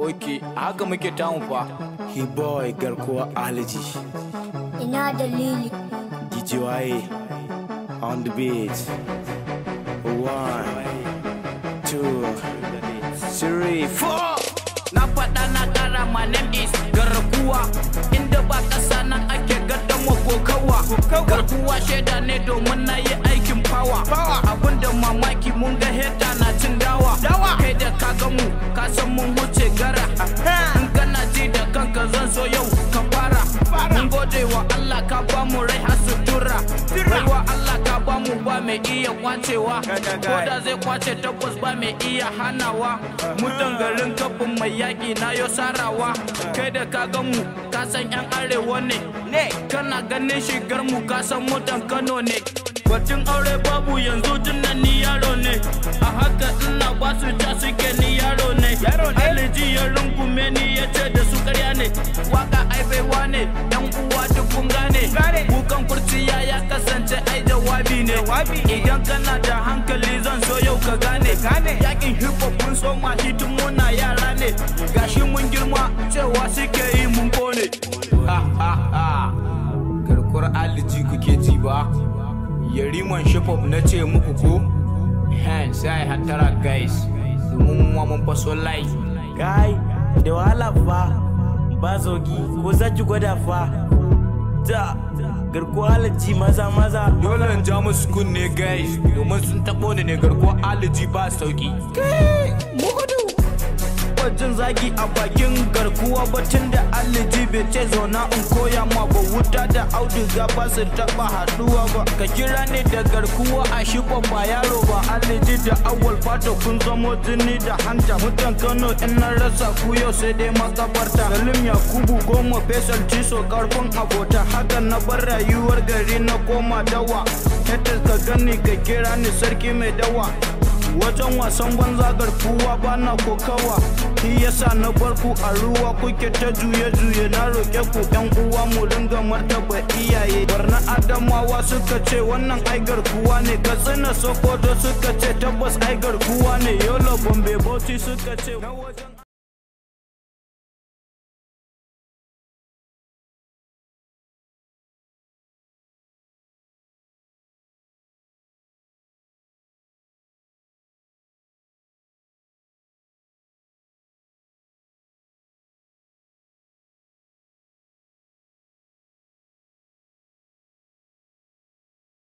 ok haka muke tamu fa he boy garkuwa alaji ina dalili gijiwaye on the beat one two three four na faɗa na ƙara my name is garkuwa inda ba ƙasa nan ake gadon wa kokawa garkuwa sheda ne domin na yi aikin power iya kwacewa ko da zai kwace tabbas ba mai iya hanawa mutan garin kafin mai yaƙi na yau sarawa kai da ka gan mu ka san yan arewa ne kana ganin shigar mu ka san mutan kano ne Batun aure babu yanzu tunan ni yaro ne a haka ina ba su ja suke ni yaro ne aliji ya rungume ni ya ce da su karya ne waka ai ne yan uwa duk gane kukan kurciya ya kasance jawabi ne idan kana da hankali zan so yau ka gane yakin hip hop mun ma shi tun muna yara ne gashi mun girma cewa suke yi mun kone garkuwar aliji kuke ji ba yariman hip hop na ce muku ko hen sai hatara guys domin mu mun faso like kai da wahala fa ba ko za ki gwada fa da garkuwa alaji maza maza dole in ja musu kunne guys domin sun taɓo ni ne garkuwa alaji ba sauki mu gudu taba jin zagi a bakin garkuwa batun da alliji bai ce zauna in koya ma ba wuta da auduga ba su taba haduwa ba ka kira ni da garkuwa a shikon ba yaro ba aliji da awal fata kun zamo jini da hanta mutan kano in na rasa ku yau sai dai makabarta salim yakubu goma fesal ciso karfin abota haka na bar rayuwar gari na koma dawa ta ka gani ka kira ni sarki mai dawa wajen wasan gwanza garkuwa bana kokawa shi yasa na barku a ruwa kuke ta juye-juye na roƙe ku yan uwa mu dinga martaba iyaye barna adamawa suka ce wannan ai garkuwa ne katsina sokoto suka ce tabbas ai garkuwa ne yolo bombe bauchi suka ce